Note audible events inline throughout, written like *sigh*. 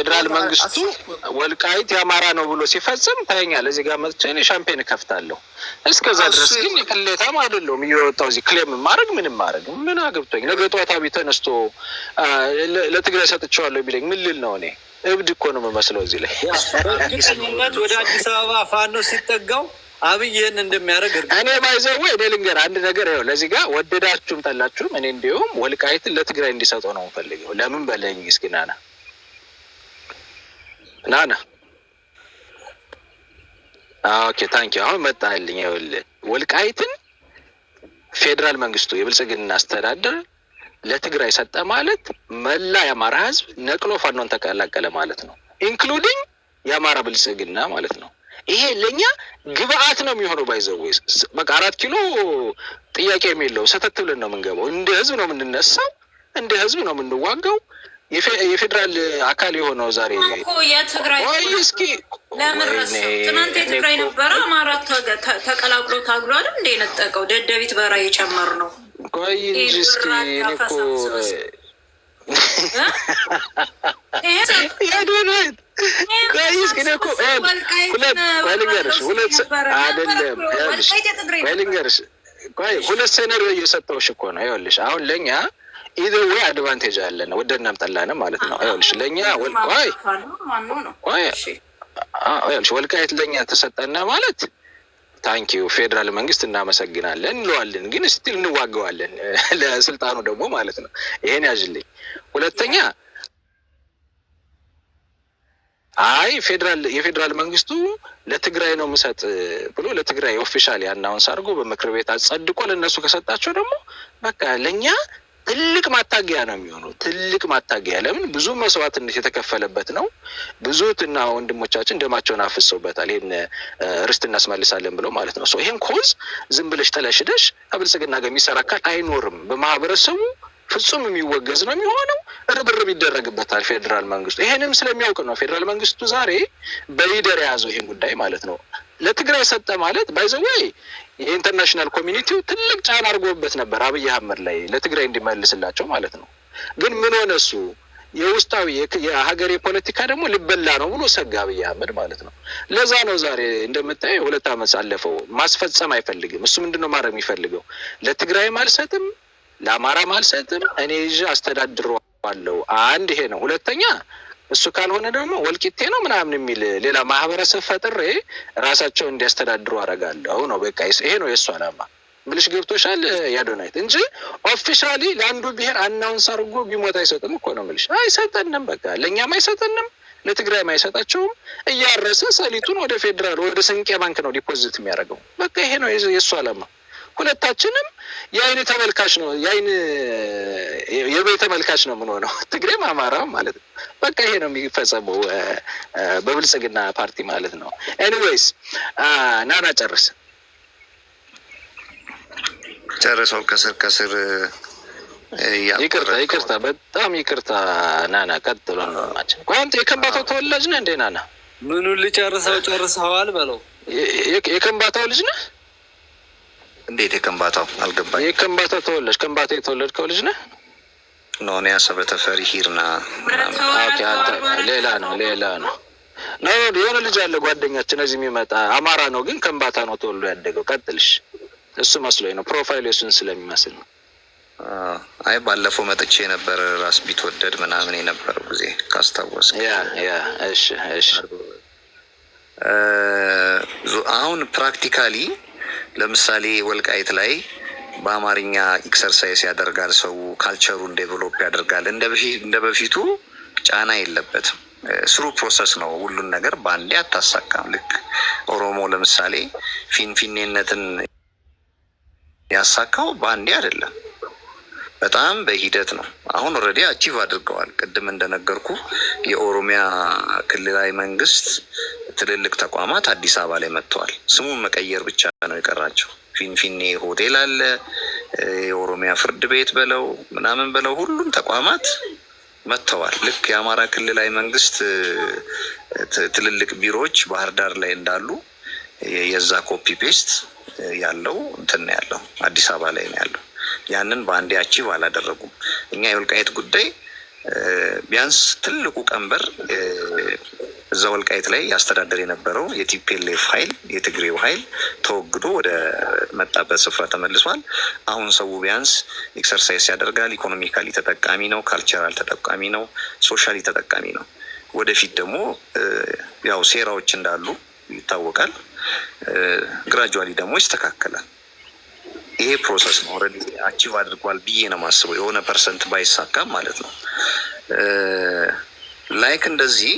ፌዴራል መንግስቱ ወልቃይት የአማራ ነው ብሎ ሲፈጽም ታየኛለህ። እዚህ ጋር መጥቼ እኔ ሻምፔን እከፍታለሁ። እስከዛ ድረስ ግን ቅሌታም አይደለሁም እየወጣሁ እዚህ ክሌም ማድረግ ምንም ማድረግ ምን አግብቶኝ፣ ነገ ጠዋት አብይ ተነስቶ ለትግራይ ሰጥቼዋለሁ የሚለኝ ምን ልል ነው? እኔ እብድ እኮ ነው የምመስለው እዚህ ላይ ግንኙነት ወደ አዲስ አበባ ፋኖ ሲጠጋው አብይ ይህን እንደሚያደርግ እኔ ባይዘው እኔ ልንገር አንድ ነገር ው ለዚህ ጋር ወደዳችሁም ጠላችሁም እኔ እንዲሁም ወልቃይትን ለትግራይ እንዲሰጠው ነው ፈልገው ለምን በለኝ እስኪናና ናና ኦኬ ታንኪ አሁን መጣልኝ። ይኸውልህ ወልቃይትን ፌዴራል መንግስቱ የብልጽግና አስተዳደር ለትግራይ ሰጠ ማለት መላ የአማራ ህዝብ ነቅሎ ፋኖን ተቀላቀለ ማለት ነው። ኢንክሉዲንግ የአማራ ብልጽግና ማለት ነው። ይሄ ለእኛ ግብአት ነው የሚሆነው። ባይዘው በቃ አራት ኪሎ ጥያቄ የሚለው ሰተት ብለን ነው የምንገባው። እንደ ህዝብ ነው የምንነሳው። እንደ ህዝብ ነው የምንዋጋው። የፌዴራል አካል የሆነው ዛሬ የትግራይ እስኪ ለምረሱ ትናንት የትግራይ ነበረ አማራ ተቀላቅሎ ታግሏል። እንደ የነጠቀው ደደቢት በራ እየጨመር ነው። ቆይ እንጂ እስኪ *laughs* ሁለት ሴነሪዮ እየሰጠሁሽ እኮ ነው። ይኸውልሽ አሁን ለእኛ ኢዘር ወይ አድቫንቴጅ አለን ወደድንም ጠላንም ማለት ነው። ይኸውልሽ ለእኛ ይኸውልሽ ወልቃየት ለእኛ ተሰጠና ማለት ታንኪዩ ፌዴራል መንግስት እናመሰግናለን እንለዋለን፣ ግን ስቲል እንዋገዋለን *laughs* ለስልጣኑ ደግሞ ማለት ነው። ይሄን ያዥልኝ። ሁለተኛ አይ ፌዴራል የፌዴራል መንግስቱ ለትግራይ ነው የምሰጥ ብሎ ለትግራይ ኦፊሻል አናውንስ አድርጎ በምክር ቤት አጸድቆ ለእነሱ ከሰጣቸው ደግሞ በቃ ለእኛ ትልቅ ማታገያ ነው የሚሆነው። ትልቅ ማታገያ ለምን? ብዙ መስዋዕትነት የተከፈለበት ነው። ብዙ እህትና ወንድሞቻችን ደማቸውን አፍሰውበታል። ይህን ርስት እናስመልሳለን ብለው ማለት ነው። ይህን ኮዝ ዝም ብለሽ ተለሽደሽ ከብልጽግና ጋር የሚሰራ አካል አይኖርም። በማህበረሰቡ ፍጹም የሚወገዝ ነው የሚሆነው። ርብርብ ይደረግበታል ፌዴራል መንግስቱ። ይሄንም ስለሚያውቅ ነው ፌዴራል መንግስቱ ዛሬ በሊደር የያዘው ይህን ጉዳይ ማለት ነው። ለትግራይ ሰጠ ማለት ባይዘወይ የኢንተርናሽናል ኮሚኒቲው ትልቅ ጫና አድርጎበት ነበር አብይ አህመድ ላይ ለትግራይ እንዲመልስላቸው ማለት ነው። ግን ምን ሆነ እሱ የውስጣዊ የሀገር ፖለቲካ ደግሞ ሊበላ ነው ብሎ ሰጋ አብይ አህመድ ማለት ነው። ለዛ ነው ዛሬ እንደምታየው ሁለት ዓመት አለፈው ማስፈጸም አይፈልግም። እሱ ምንድነው ማድረግ የሚፈልገው ለትግራይም አልሰጥም ለአማራም አልሰጥም፣ እኔ ይዤ አስተዳድረዋለሁ። አንድ ይሄ ነው። ሁለተኛ እሱ ካልሆነ ደግሞ ወልቂቴ ነው ምናምን የሚል ሌላ ማህበረሰብ ፈጥሬ ራሳቸውን እንዲያስተዳድሩ አደርጋለሁ ነው። በቃ ይሄ ነው የእሱ አላማ። ብልሽ ገብቶሻል? ያዶናይት እንጂ ኦፊሻሊ ለአንዱ ብሔር አናውንስ አድርጎ ቢሞት አይሰጥም እኮ ነው ብልሽ። አይሰጠንም፣ በቃ ለእኛም አይሰጠንም፣ ለትግራይም አይሰጣቸውም። እያረሰ ሰሊጡን ወደ ፌዴራል ወደ ስንቄ ባንክ ነው ዲፖዚት የሚያደርገው። በቃ ይሄ ነው የእሱ አላማ። ሁለታችንም የአይን ተመልካች ነው የአይን የበይ ተመልካች ነው የምንሆነው፣ *laughs* ትግሬም አማራ ማለት ነው። በቃ ይሄ ነው የሚፈጸመው በብልጽግና ፓርቲ ማለት ነው። ኤኒዌይስ ናና ጨርስ ጨርሰው ከስር ከስር ይቅርታ ይቅርታ፣ በጣም ይቅርታ ናና፣ ቀጥሎ ማችን ቋንት የከምባታው ተወላጅ ነህ እንዴ ናና? ምኑን ልጨርሰው ጨርሰዋል በለው። የከምባታው ልጅ ነህ? እንዴት የከንባታው አልገባኝ። የከንባታ ተወለድ ከንባታ የተወለድከው ልጅ ነህ? ኖኔ ያሰበ ተፈሪ ሂርና ሌላ ነው ሌላ ነው ነው የሆነ ልጅ አለ ጓደኛችን እዚህ የሚመጣ አማራ ነው፣ ግን ከንባታ ነው ተወልዶ ያደገው። ቀጥልሽ። እሱ መስሎኝ ነው ፕሮፋይል የሱን ስለሚመስል ነው። አይ ባለፈው መጥቼ የነበረ ራስ ቢትወደድ ምናምን የነበረው ጊዜ ካስታወስ። እሺ እሺ። አሁን ፕራክቲካሊ ለምሳሌ ወልቃይት ላይ በአማርኛ ኤክሰርሳይዝ ያደርጋል ሰው ካልቸሩን ዴቨሎፕ ያደርጋል። እንደ በፊቱ ጫና የለበትም። ስሩ ፕሮሰስ ነው። ሁሉን ነገር በአንዴ አታሳካም። ልክ ኦሮሞ ለምሳሌ ፊንፊኔነትን ያሳካው በአንዴ አይደለም። በጣም በሂደት ነው። አሁን ኦልሬዲ አቺቭ አድርገዋል። ቅድም እንደነገርኩ የኦሮሚያ ክልላዊ መንግስት ትልልቅ ተቋማት አዲስ አበባ ላይ መጥተዋል። ስሙን መቀየር ብቻ ነው የቀራቸው። ፊንፊኔ ሆቴል አለ፣ የኦሮሚያ ፍርድ ቤት በለው ምናምን በለው ሁሉም ተቋማት መጥተዋል። ልክ የአማራ ክልላዊ መንግስት ትልልቅ ቢሮዎች ባህር ዳር ላይ እንዳሉ የዛ ኮፒ ፔስት ያለው እንትን ያለው አዲስ አበባ ላይ ነው ያለው። ያንን በአንዴ አቺቭ አላደረጉም። እኛ የወልቃየት ጉዳይ ቢያንስ ትልቁ ቀንበር እዛ ወልቃይት ላይ ያስተዳደር የነበረው የቲፒኤልኤፍ ኃይል የትግሬው ኃይል ተወግዶ ወደ መጣበት ስፍራ ተመልሷል። አሁን ሰው ቢያንስ ኤክሰርሳይዝ ያደርጋል። ኢኮኖሚካሊ ተጠቃሚ ነው፣ ካልቸራል ተጠቃሚ ነው፣ ሶሻሊ ተጠቃሚ ነው። ወደፊት ደግሞ ያው ሴራዎች እንዳሉ ይታወቃል። ግራጁዋሊ ደግሞ ይስተካከላል። ይሄ ፕሮሰስ ነው ረ አቺቭ አድርጓል ብዬ ነው ማስበው። የሆነ ፐርሰንት ባይሳካም ማለት ነው። ላይክ እንደዚህ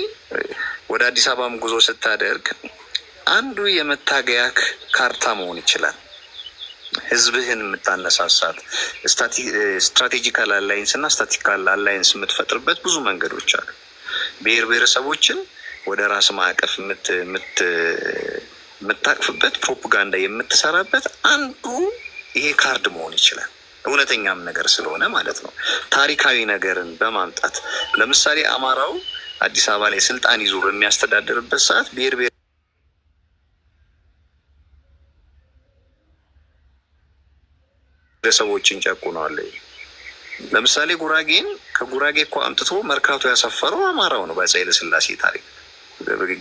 ወደ አዲስ አበባም ጉዞ ስታደርግ አንዱ የመታገያክ ካርታ መሆን ይችላል። ህዝብህን የምታነሳሳት ስትራቴጂካል አላይንስ እና ስታቲካል አላይንስ የምትፈጥርበት ብዙ መንገዶች አሉ። ብሔር ብሔረሰቦችን ወደ ራስ ማዕቀፍ የምታቅፍበት ፕሮፓጋንዳ የምትሰራበት አንዱ ይሄ ካርድ መሆን ይችላል። እውነተኛም ነገር ስለሆነ ማለት ነው። ታሪካዊ ነገርን በማምጣት ለምሳሌ አማራው አዲስ አበባ ላይ ስልጣን ይዞ በሚያስተዳድርበት ሰዓት ብሔር ብሔር ሰዎችን ለምሳሌ ጉራጌን ከጉራጌ እኮ አምጥቶ መርካቶ ያሰፈረው አማራው ነው በአፄ ኃይለሥላሴ ታሪክ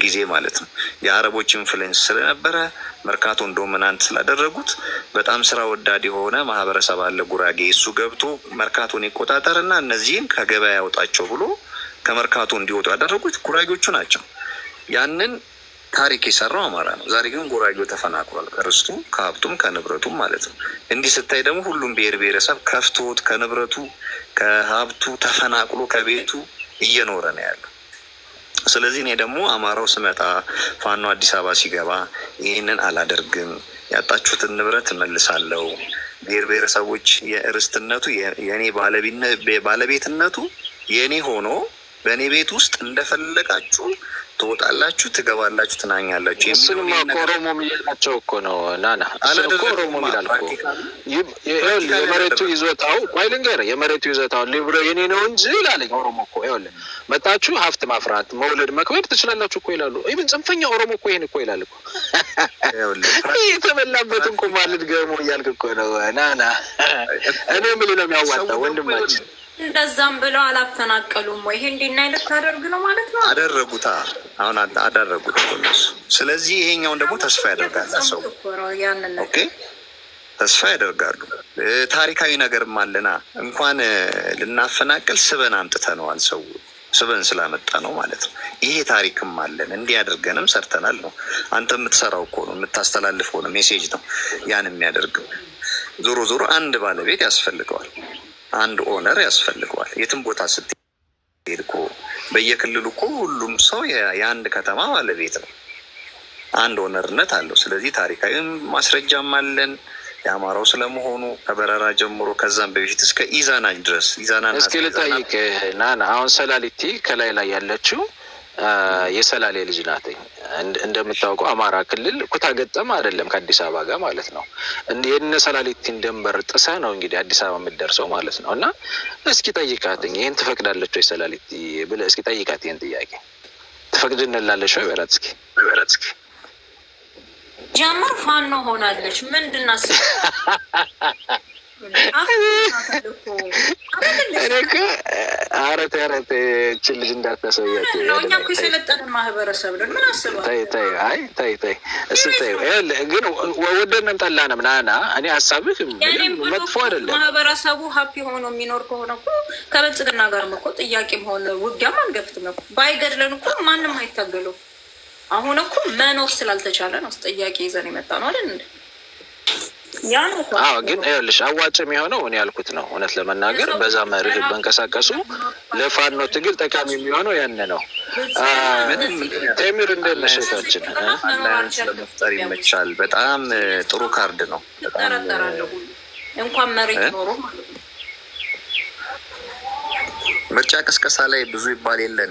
ጊዜ ማለት ነው የአረቦች ኢንፍሉዌንስ ስለነበረ መርካቶ ዶሚናንት ስላደረጉት በጣም ስራ ወዳድ የሆነ ማህበረሰብ አለ ጉራጌ። እሱ ገብቶ መርካቶን ይቆጣጠር ና እነዚህን ከገበያ ያወጣቸው ብሎ ከመርካቶ እንዲወጡ ያደረጉት ጉራጌዎቹ ናቸው። ያንን ታሪክ የሰራው አማራ ነው። ዛሬ ግን ጉራጌው ተፈናቅሏል፣ ከርስቱ ከሀብቱም ከንብረቱም ማለት ነው። እንዲህ ስታይ ደግሞ ሁሉም ብሔር ብሔረሰብ ከፍቶት ከንብረቱ ከሀብቱ ተፈናቅሎ ከቤቱ እየኖረ ነው ያለው። ስለዚህ እኔ ደግሞ አማራው ስመጣ ፋኖ አዲስ አበባ ሲገባ ይህንን አላደርግም፣ ያጣችሁትን ንብረት እመልሳለሁ። ብሔር ብሔረሰቦች የእርስትነቱ የእኔ ባለቤትነቱ የእኔ ሆኖ በእኔ ቤት ውስጥ እንደፈለጋችሁ ትወጣላችሁ፣ ትገባላችሁ፣ ትናኛላችሁ። እሱንማ እኮ ኦሮሞም እኮ ነው። ናና ኦሮሞም ይላል እኮ የመሬቱ ይዞታው ቆይ ልንገርህ፣ የመሬቱ ይዞታው ሊብሮ የኔ ነው እንጂ ይላለኝ ኦሮሞ እኮ ይኸውልህ፣ መጣችሁ ሀብት ማፍራት፣ መውለድ፣ መክበድ ትችላላችሁ እኮ ይላሉ። ኢቭን ጽንፈኛ ኦሮሞ እኮ ይሄን እኮ ይላል እኮ የተበላበት እንቁ ማልድ እያልክ እኮ ነው ናና። እኔ ምን ነው የሚያዋጣው ወንድማችን እንደዛም ብለው አላፈናቀሉም ወይ? ይሄ እንዲና ልታደርግ ነው ማለት ነው። አደረጉታ፣ አሁን አደረጉት እነሱ። ስለዚህ ይሄኛውን ደግሞ ተስፋ ያደርጋል ሰው ኦኬ ተስፋ ያደርጋሉ። ታሪካዊ ነገርም አለና እንኳን ልናፈናቅል ስበን አምጥተነዋል። ሰው ስበን ስላመጣ ነው ማለት ነው። ይሄ ታሪክም አለን እንዲህ አድርገንም ሰርተናል ነው። አንተ የምትሰራው እኮ ነው የምታስተላልፈው ነው ሜሴጅ ነው ያን የሚያደርግም። ዞሮ ዞሮ አንድ ባለቤት ያስፈልገዋል። አንድ ኦነር ያስፈልገዋል። የትም ቦታ ስትሄድ እኮ በየክልሉ እኮ ሁሉም ሰው የአንድ ከተማ ባለቤት ነው። አንድ ኦነርነት አለው። ስለዚህ ታሪካዊ ማስረጃም አለን የአማራው ስለመሆኑ ከበረራ ጀምሮ ከዛም በፊት እስከ ኢዛናኝ ድረስ ኢዛና እስኪ ልጠይቅ ናና አሁን ሰላሊቲ ከላይ ላይ ያለችው የሰላሌ ልጅ ናት። እንደምታውቀው አማራ ክልል ኩታ ገጠም አይደለም ከአዲስ አበባ ጋር ማለት ነው። የነ ሰላሌቲን ደንበር ጥሰ ነው እንግዲህ አዲስ አበባ የምትደርሰው ማለት ነው። እና እስኪ ጠይቃት ይህን ትፈቅዳለች ወይ ሰላሌቲ ብለህ እስኪ ጠይቃት ይህን ጥያቄ ትፈቅድንላለች ወይ በላት እስኪ በላት እስኪ ጀምር ፋኖ ሆናለች ምንድና *laughs* አረት አረት ችን ልጅ እንዳታሳያት። የሰለጠንን ማህበረሰብ ነን። ምን ግን ወደንም ጠላንም ናና እኔ ሀሳብህ መጥፎ አይደለም። ማህበረሰቡ ሀፒ ሆኖ የሚኖር ከሆነ እኮ ከብልጽግና ጋርም እኮ ጥያቄም ሆነ ውጊያም አንገፍትም እኮ። ባይገድለን እኮ ማንም አይታገሉም። አሁን እኮ መኖር ስላልተቻለ ነው ጥያቄ ይዘን የመጣ ነው አይደል እንዴ? አዎ ግን ይኸውልሽ አዋጭ የሚሆነው እኔ ያልኩት ነው። እውነት ለመናገር በዛ መርህ መንቀሳቀሱ ለፋኖ ትግል ጠቃሚ የሚሆነው ያን ነው። ቴምር እንደ መሸታችን አላያንስ ለመፍጠር ይመቻል። በጣም ጥሩ ካርድ ነው። እንኳን መሬት ኖሮ ምርጫ ቅስቀሳ ላይ ብዙ ይባል የለን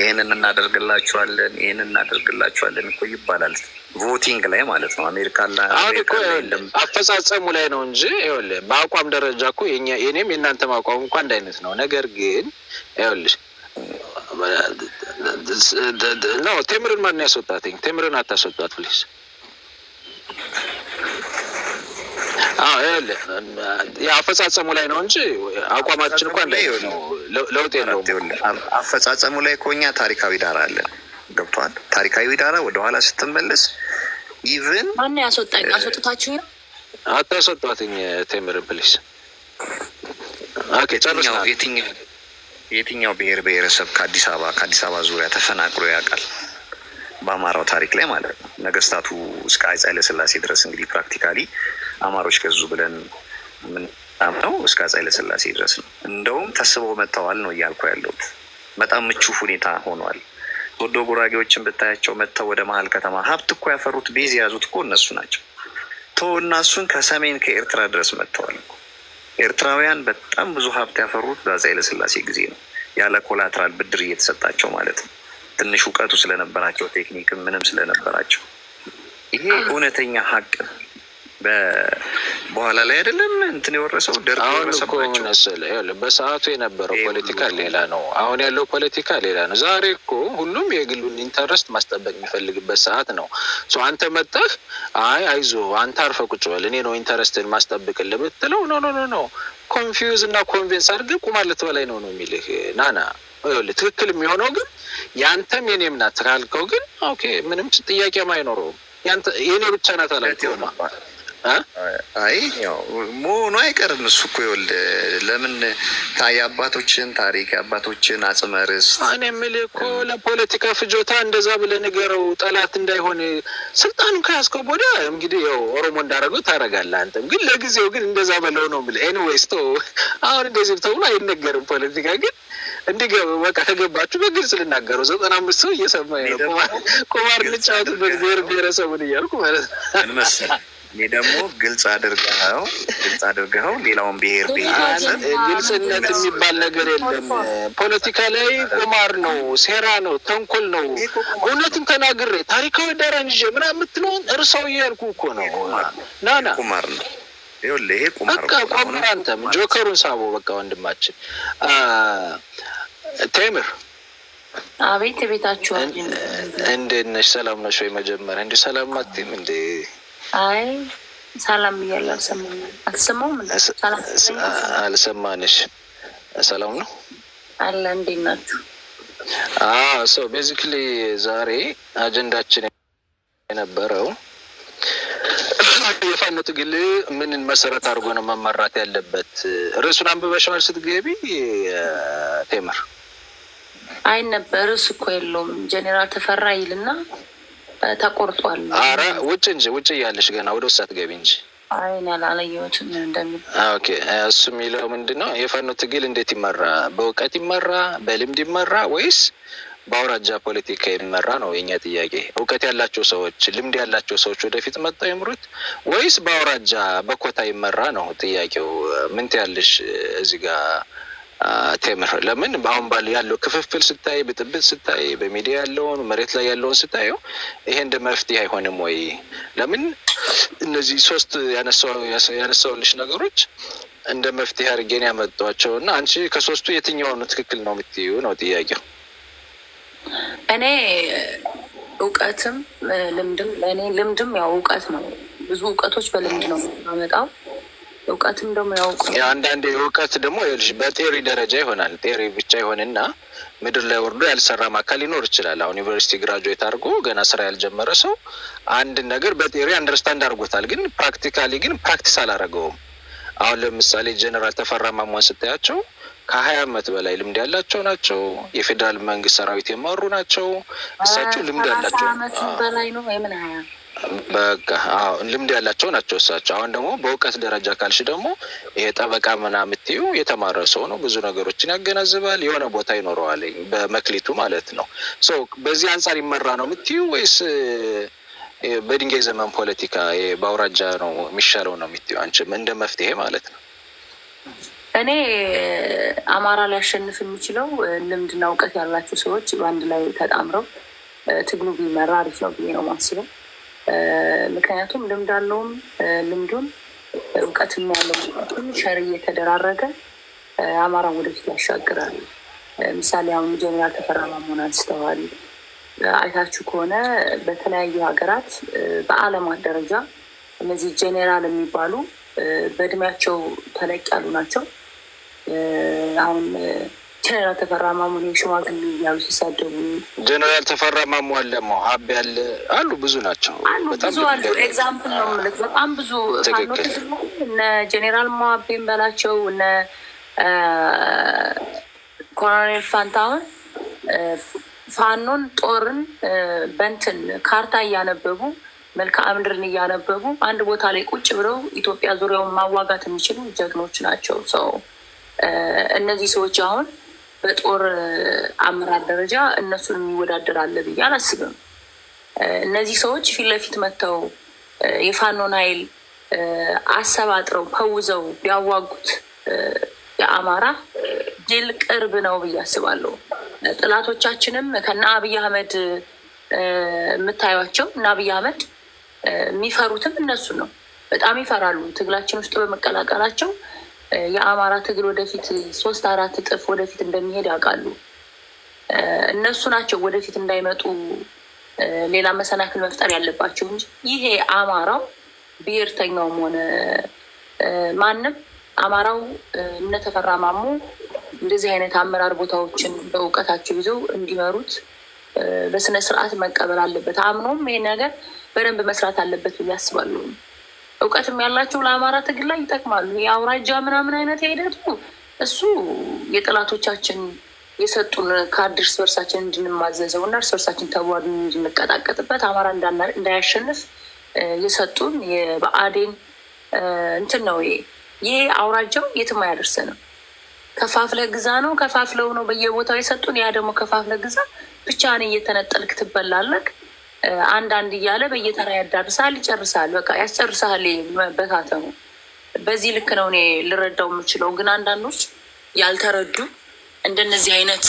ይህንን እናደርግላችኋለን፣ ይህን እናደርግላችኋለን እኮ ይባላል። ቮቲንግ ላይ ማለት ነው። አሜሪካ አፈጻጸሙ ላይ ነው እንጂ ይኸውልህ፣ በአቋም ደረጃ እኮ የኔም የእናንተም አቋም እንኳ አንድ አይነት ነው። ነገር ግን ይኸውልህ ነው ቴምርን ማን ያስወጣትኝ? ቴምርን አታስወጣት ፕሊስ። አፈጻጸሙ ላይ ነው እንጂ አቋማችን እኳ ለውጥ የለውም። አፈጻጸሙ ላይ እኮ እኛ ታሪካዊ ዳራ አለን። ገብቷል። ታሪካዊ ዳራ ወደኋላ ስትመለስ ኢቭን ማነው ያስወጣኝ? አስወጥታችሁ አታስወጧትኝ። ቴምር ፕሊስ። የትኛው ብሔር ብሔረሰብ ከአዲስ አበባ ከአዲስ አበባ ዙሪያ ተፈናቅሎ ያውቃል? በአማራው ታሪክ ላይ ማለት ነው። ነገስታቱ እስከ ኃይለ ሥላሴ ድረስ እንግዲህ ፕራክቲካሊ አማሮች ገዙ ብለን ምናምነው እስከ አፄ ኃይለሥላሴ ድረስ ነው። እንደውም ተስበው መጥተዋል ነው እያልኩ ያለሁት። በጣም ምቹ ሁኔታ ሆኗል። ወዶ ጉራጌዎችን ብታያቸው መጥተው ወደ መሀል ከተማ ሀብት እኮ ያፈሩት ቤዝ የያዙት እኮ እነሱ ናቸው። ቶ እናሱን ከሰሜን ከኤርትራ ድረስ መጥተዋል። ኤርትራውያን በጣም ብዙ ሀብት ያፈሩት በአፄ ኃይለሥላሴ ጊዜ ነው፣ ያለ ኮላትራል ብድር እየተሰጣቸው ማለት ነው። ትንሽ እውቀቱ ስለነበራቸው ቴክኒክም ምንም ስለነበራቸው ይሄ እውነተኛ ሀቅ ነው። በኋላ ላይ አይደለም እንትን የወረሰው ደርግ በሰዓቱ የነበረው ፖለቲካ ሌላ ነው። አሁን ያለው ፖለቲካ ሌላ ነው። ዛሬ እኮ ሁሉም የግሉን ኢንተረስት ማስጠበቅ የሚፈልግበት ሰዓት ነው። አንተ መጣህ፣ አይ አይዞ፣ አንተ አርፈ ቁጭ በል፣ እኔ ነው ኢንተረስትን ማስጠብቅል ብትለው ኖ ኖ ኖ ኮንፊውዝ እና ኮንቬንስ አድርገህ ቁማለት በላይ ነው ነው የሚልህ ናና ትክክል የሚሆነው ግን ያንተም የኔም ናት ካልከው ግን ኦኬ ምንም ጥያቄም አይኖረውም። የኔ ብቻ ናት አላ አይ ያው መሆኑ አይቀርም። እሱ እኮ ይኸውልህ ለምን የአባቶችን ታሪክ የአባቶችን አጽመርስ እኔ የምልህ እኮ ለፖለቲካ ፍጆታ እንደዛ ብለህ ንገረው፣ ጠላት እንዳይሆን ስልጣኑ ከያዝከው ቦዳ እንግዲህ ያው ኦሮሞ እንዳደረገው ታደርጋለህ። አንተም ግን ለጊዜው ግን እንደዛ በለው ነው የምልህ። ኤኒዌይስ ተው፣ አሁን እንደዚህ ተብሎ አይነገርም። ፖለቲካ ግን እንዲህ በቃ ከገባችሁ በግልጽ ልናገረው፣ ዘጠና አምስት ሰው እየሰማኝ ነው። ቁማር ልጫወትበት ብሔር ብሔረሰቡን እያልኩ ማለት ነው እኔ ደግሞ ግልጽ አድርገው ግልጽ አድርገው ሌላውን ብሄር ግልጽነት የሚባል ነገር የለም። ፖለቲካ ላይ ቁማር ነው፣ ሴራ ነው፣ ተንኮል ነው። እውነትን ተናግሬ ታሪካዊ ዳራን ምና የምትለውን እርሰው እያልኩ እኮ ነው። ናና ቁማር ነው። ይሄ ቁማር በቃ ቁማር። አንተም ጆከሩን ሳቦ በቃ ወንድማችን ቴምር አቤት ቤታችሁ እንዴት ነሽ? ሰላም ነሽ ወይ? መጀመሪያ እንዲ ሰላም ማትም እንዴ አይ ሰላም እያለ አልሰማንሽ። ሰላም ነው አለ። እንዴት ናችሁ? ቤዚክሊ ዛሬ አጀንዳችን የነበረው የፋኖ ትግል ምንን መሰረት አድርጎ ነው መመራት ያለበት? ርዕሱን አንብበሻል ስትገቢ ቴምር? አይ ነበር ርዕስ እኮ የለውም ጀኔራል ተፈራ ይልና ተቆርጧል። ኧረ ውጭ እንጂ ውጭ እያለሽ ገና ወደ ውስጥ አትገቢ እንጂ። እሱ የሚለው ምንድን ነው? የፋኖ ትግል እንዴት ይመራ? በእውቀት ይመራ፣ በልምድ ይመራ ወይስ በአውራጃ ፖለቲካ የሚመራ ነው የኛ ጥያቄ። እውቀት ያላቸው ሰዎች፣ ልምድ ያላቸው ሰዎች ወደፊት መጣው ይምሩት ወይስ በአውራጃ በኮታ ይመራ ነው ጥያቄው። ምን ትያለሽ እዚህ ጋር ቴምር ለምን አሁን ባል ያለው ክፍፍል ስታይ፣ ብጥብጥ ስታይ፣ በሚዲያ ያለውን መሬት ላይ ያለውን ስታየው ይሄ እንደ መፍትሄ አይሆንም ወይ? ለምን እነዚህ ሶስት ያነሳውልሽ ነገሮች እንደ መፍትሄ አድርጌን ያመጧቸው እና አንቺ ከሶስቱ የትኛውን ትክክል ነው የምትዩ ነው ጥያቄው። እኔ እውቀትም ልምድም ለእኔ ልምድም ያው እውቀት ነው። ብዙ እውቀቶች በልምድ ነው የማመጣው እውቀትም ደግሞ ያውቁ አንዳንድ እውቀት ደግሞ በቴሪ ደረጃ ይሆናል። ቴሪ ብቻ ይሆንና ምድር ላይ ወርዶ ያልሰራም አካል ሊኖር ይችላል። አሁን ዩኒቨርሲቲ ግራጁዌት አድርጎ ገና ስራ ያልጀመረ ሰው አንድን ነገር በቴሪ አንደርስታንድ አድርጎታል፣ ግን ፕራክቲካሊ ግን ፕራክቲስ አላረገውም። አሁን ለምሳሌ ጀነራል ተፈራ ማሟን ስታያቸው ከሀያ አመት በላይ ልምድ ያላቸው ናቸው። የፌዴራል መንግስት ሰራዊት የመሩ ናቸው። እሳቸው ልምድ ያላቸው በላይ ነው ወይምን ሀያ በቃ አዎ ልምድ ያላቸው ናቸው እሳቸው። አሁን ደግሞ በእውቀት ደረጃ ካልሽ ደግሞ ይሄ ጠበቃ ምና የምትዩ የተማረ ሰው ነው፣ ብዙ ነገሮችን ያገናዝባል፣ የሆነ ቦታ ይኖረዋል በመክሊቱ ማለት ነው። በዚህ አንጻር ይመራ ነው የምትዩ ወይስ በድንጋይ ዘመን ፖለቲካ በአውራጃ ነው የሚሻለው ነው የምትይው አንቺ እንደ መፍትሄ ማለት ነው? እኔ አማራ ሊያሸንፍ የሚችለው ልምድና እውቀት ያላቸው ሰዎች በአንድ ላይ ተጣምረው ትግሉ ቢመራ አሪፍ ነው ብዬ ነው ማስበው። ምክንያቱም ልምድ አለውም ልምዱም እውቀትም ያለው ሸር እየተደራረገ አማራን ወደፊት ያሻግራል። ምሳሌ አሁን ጀኔራል ተፈራ ማሞን አንስተዋል። አይታችሁ ከሆነ በተለያዩ ሀገራት በዓለማት ደረጃ እነዚህ ጀኔራል የሚባሉ በእድሜያቸው ተለቅ ያሉ ናቸው አሁን ጀነራል ተፈራ ማሞ ነው ሽማግሌ እያሉ ሲሳደቡ፣ ጀነራል ተፈራ ማሞ አለ ሀብ ያለ አሉ ብዙ ናቸው ብዙ አሉ። ኤግዛምፕል ነው የምልህ በጣም ብዙ እነ ጀኔራል ማቤን በላቸው እነ ኮሎኔል ፋንታሁን ፋኖን ጦርን በንትን ካርታ እያነበቡ መልክዓ ምድርን እያነበቡ አንድ ቦታ ላይ ቁጭ ብለው ኢትዮጵያ ዙሪያውን ማዋጋት የሚችሉ ጀግኖች ናቸው። ሰው እነዚህ ሰዎች አሁን በጦር አመራር ደረጃ እነሱን የሚወዳደር አለ ብዬ አላስብም። እነዚህ ሰዎች ፊት ለፊት መጥተው የፋኖን ኃይል አሰባጥረው ፈውዘው ቢያዋጉት የአማራ ድል ቅርብ ነው ብዬ አስባለሁ። ጥላቶቻችንም ከነ አብይ አህመድ የምታዩቸው እና አብይ አህመድ የሚፈሩትም እነሱ ነው። በጣም ይፈራሉ። ትግላችን ውስጥ በመቀላቀላቸው የአማራ ትግል ወደፊት ሶስት አራት እጥፍ ወደፊት እንደሚሄድ ያውቃሉ። እነሱ ናቸው ወደፊት እንዳይመጡ ሌላ መሰናክል መፍጠር ያለባቸው እንጂ ይሄ አማራው ብሔርተኛውም ሆነ ማንም አማራው እነተፈራ ማሞ እንደዚህ አይነት አመራር ቦታዎችን በእውቀታቸው ይዘው እንዲመሩት በስነ ስርዓት መቀበል አለበት። አምኖም ይሄ ነገር በደንብ መስራት አለበት ብዬ አስባለሁ። እውቀትም ያላቸው ለአማራ ትግል ላይ ይጠቅማሉ። የአውራጃ ምናምን አይነት ሂደቱ እሱ የጠላቶቻችን የሰጡን ካርድ እርስ በርሳችን እንድንማዘዘው እና እርስ በርሳችን ተዋዱ እንድንቀጣቀጥበት አማራ እንዳያሸንፍ የሰጡን የበአዴን እንትን ነው። ይሄ አውራጃው የትም አያደርሰንም። ከፋፍለ ግዛ ነው ከፋፍለው ነው በየቦታው የሰጡን። ያ ደግሞ ከፋፍለ ግዛ ብቻህን እየተነጠልክ ትበላለህ። አንዳንድ እያለ በየተራ ያዳርሳል፣ ይጨርሳል። በቃ ያስጨርሳል። ነው። በዚህ ልክ ነው እኔ ልረዳው የምችለው። ግን አንዳንዶች ያልተረዱ እንደነዚህ አይነት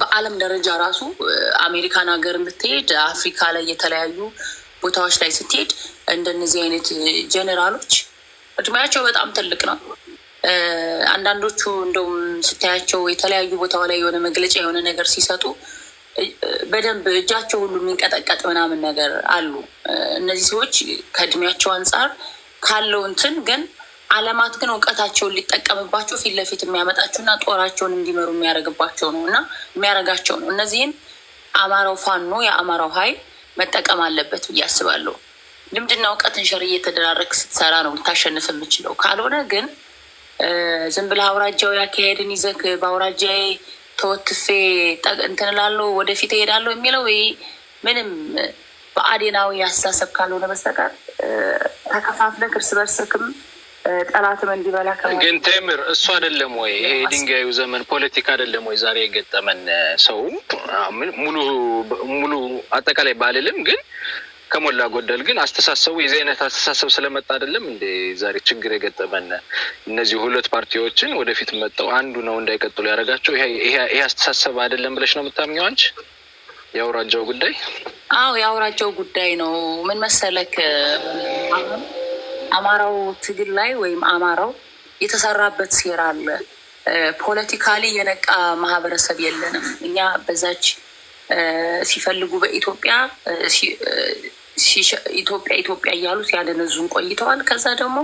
በዓለም ደረጃ ራሱ አሜሪካን ሀገር ብትሄድ፣ አፍሪካ ላይ የተለያዩ ቦታዎች ላይ ስትሄድ እንደነዚህ አይነት ጀኔራሎች እድሜያቸው በጣም ትልቅ ነው። አንዳንዶቹ እንደውም ስታያቸው የተለያዩ ቦታ ላይ የሆነ መግለጫ የሆነ ነገር ሲሰጡ በደንብ እጃቸው ሁሉ የሚንቀጠቀጥ ምናምን ነገር አሉ። እነዚህ ሰዎች ከእድሜያቸው አንጻር ካለው እንትን ግን አለማት ግን እውቀታቸውን ሊጠቀምባቸው ፊት ለፊት የሚያመጣቸው እና ጦራቸውን እንዲመሩ የሚያደርግባቸው ነው እና የሚያደርጋቸው ነው። እነዚህን አማራው ፋኖ የአማራው ኃይል መጠቀም አለበት ብዬ አስባለሁ። ልምድና እውቀትን ሸር እየተደራረግ ስትሰራ ነው ልታሸንፍ የምችለው። ካልሆነ ግን ዝም ብለህ አውራጃዊ አካሄድን ይዘህ ተወትፌ እንትን ወደፊት እሄዳለሁ የሚለው ይሄ ምንም በአዴናዊ ያሳሰብ ካልሆነ በስተቀር ተከፋፍለህ እርስ በርስክም ጠላትም እንዲበላ ግን ቴምር እሱ አይደለም ወይ? ይሄ የድንጋዩ ዘመን ፖለቲካ አይደለም ወይ? ዛሬ የገጠመን ሰው ሙሉ ሙሉ አጠቃላይ ባልልም ግን ከሞላ ጎደል ግን አስተሳሰቡ የዚህ አይነት አስተሳሰብ ስለመጣ አይደለም እንደ ዛሬ ችግር የገጠመን እነዚህ ሁለት ፓርቲዎችን ወደፊት መጠው አንዱ ነው እንዳይቀጥሉ ያደረጋቸው ይሄ አስተሳሰብ አይደለም ብለሽ ነው የምታምኘው አንቺ? የአውራጃው ጉዳይ አዎ፣ የአውራጃው ጉዳይ ነው። ምን መሰለክ አማራው ትግል ላይ ወይም አማራው የተሰራበት ሴራ አለ። ፖለቲካሊ የነቃ ማህበረሰብ የለንም እኛ በዛች ሲፈልጉ በኢትዮጵያ ኢትዮጵያ ኢትዮጵያ እያሉ ሲያደነዙን ቆይተዋል። ከዛ ደግሞ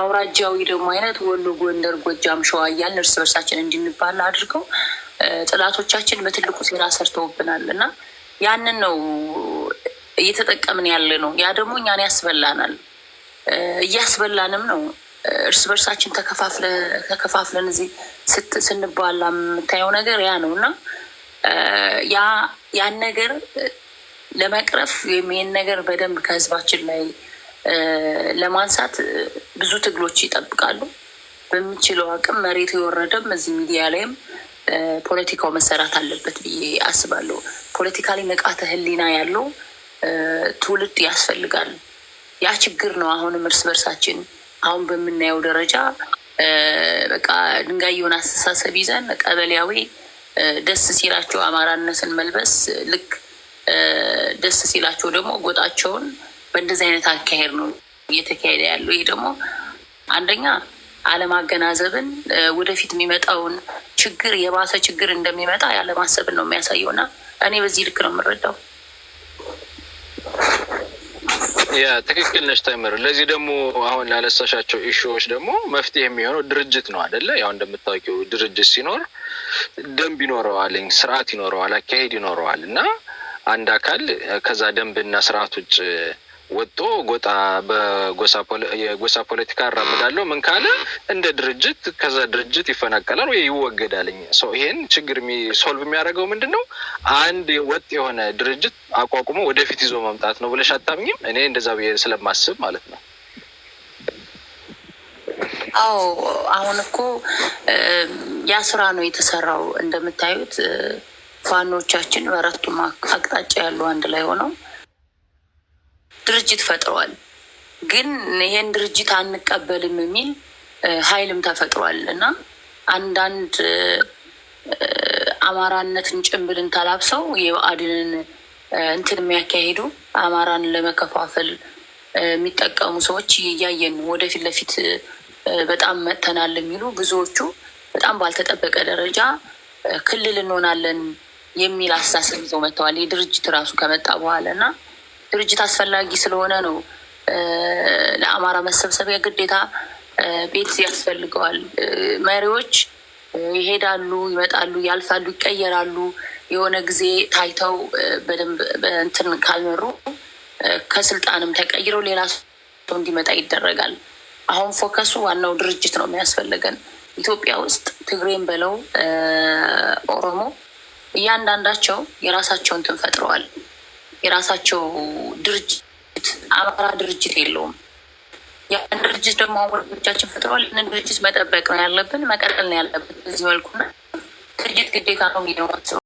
አውራጃዊ ደግሞ አይነት ወሎ፣ ጎንደር፣ ጎጃም፣ ሸዋ እያልን እርስ በርሳችን እንድንባላ አድርገው ጥላቶቻችን በትልቁ ሴራ ሰርተውብናል እና ያንን ነው እየተጠቀምን ያለ ነው። ያ ደግሞ እኛን ያስበላናል፣ እያስበላንም ነው። እርስ በርሳችን ተከፋፍለን እዚህ ስንባላ የምታየው ነገር ያ ነው እና ያ ያን ነገር ለመቅረፍ ወይም ይህን ነገር በደንብ ከህዝባችን ላይ ለማንሳት ብዙ ትግሎች ይጠብቃሉ። በሚችለው አቅም መሬት የወረደም እዚህ ሚዲያ ላይም ፖለቲካው መሰራት አለበት ብዬ አስባለሁ። ላይ ንቃተ ህሊና ያለው ትውልድ ያስፈልጋል። ያ ችግር ነው። አሁንም እርስ በርሳችን አሁን በምናየው ደረጃ በቃ ድንጋይ የሆነ አስተሳሰብ ይዘን ቀበሌያዊ ደስ ሲላቸው አማራነትን መልበስ ልክ ደስ ሲላቸው ደግሞ ጎጣቸውን በእንደዚህ አይነት አካሄድ ነው እየተካሄደ ያለው። ይሄ ደግሞ አንደኛ አለማገናዘብን ወደፊት የሚመጣውን ችግር የባሰ ችግር እንደሚመጣ ያለማሰብን ነው የሚያሳየው እና እኔ በዚህ ልክ ነው የምረዳው። ያ ትክክል ነሽ ታይምር። ለዚህ ደግሞ አሁን ላነሳሻቸው ኢሹዎች ደግሞ መፍትሄ የሚሆነው ድርጅት ነው አደለ? ያው እንደምታውቂው ድርጅት ሲኖር ደንብ ይኖረዋል፣ ስርዓት ይኖረዋል፣ አካሄድ ይኖረዋል እና አንድ አካል ከዛ ደንብና ስርዓት ውጭ ወጥቶ ጎጣ በጎሳ ፖለቲካ አራምዳለሁ ምን ካለ እንደ ድርጅት ከዛ ድርጅት ይፈናቀላል ወይ ይወገዳልኝ። ይሄን ችግር ሶልቭ የሚያደርገው ምንድን ነው? አንድ ወጥ የሆነ ድርጅት አቋቁሞ ወደፊት ይዞ መምጣት ነው ብለሽ አታምኝም? እኔ እንደዛ ብዬ ስለማስብ ማለት ነው። አዎ አሁን እኮ ያ ስራ ነው የተሰራው እንደምታዩት ፋኖቻችን በአራቱም አቅጣጫ ያሉ አንድ ላይ ሆነው ድርጅት ፈጥረዋል። ግን ይሄን ድርጅት አንቀበልም የሚል ኃይልም ተፈጥሯል እና አንዳንድ አማራነትን ጭንብልን ተላብሰው የብአዴንን እንትን የሚያካሄዱ አማራን ለመከፋፈል የሚጠቀሙ ሰዎች እያየን ወደፊት ለፊት በጣም መጥተናል የሚሉ ብዙዎቹ በጣም ባልተጠበቀ ደረጃ ክልል እንሆናለን የሚል አስተሳሰብ ይዘው መጥተዋል። የድርጅት ራሱ ከመጣ በኋላ እና ድርጅት አስፈላጊ ስለሆነ ነው ለአማራ መሰብሰቢያ ግዴታ ቤት ያስፈልገዋል። መሪዎች ይሄዳሉ፣ ይመጣሉ፣ ያልፋሉ፣ ይቀየራሉ። የሆነ ጊዜ ታይተው በደንብ እንትን ካልመሩ ከስልጣንም ተቀይረው ሌላ ሰው እንዲመጣ ይደረጋል። አሁን ፎከሱ ዋናው ድርጅት ነው የሚያስፈልገን ኢትዮጵያ ውስጥ ትግሬን በለው ኦሮሞ እያንዳንዳቸው የራሳቸው እንትን ፈጥረዋል። የራሳቸው ድርጅት አማራ ድርጅት የለውም። ያን ድርጅት ደግሞ ወንዶቻችን ፈጥረዋል። ያንን ድርጅት መጠበቅ ነው ያለብን፣ መቀጠል ነው ያለብን በዚህ መልኩና ድርጅት ግዴታ ነው የሚለው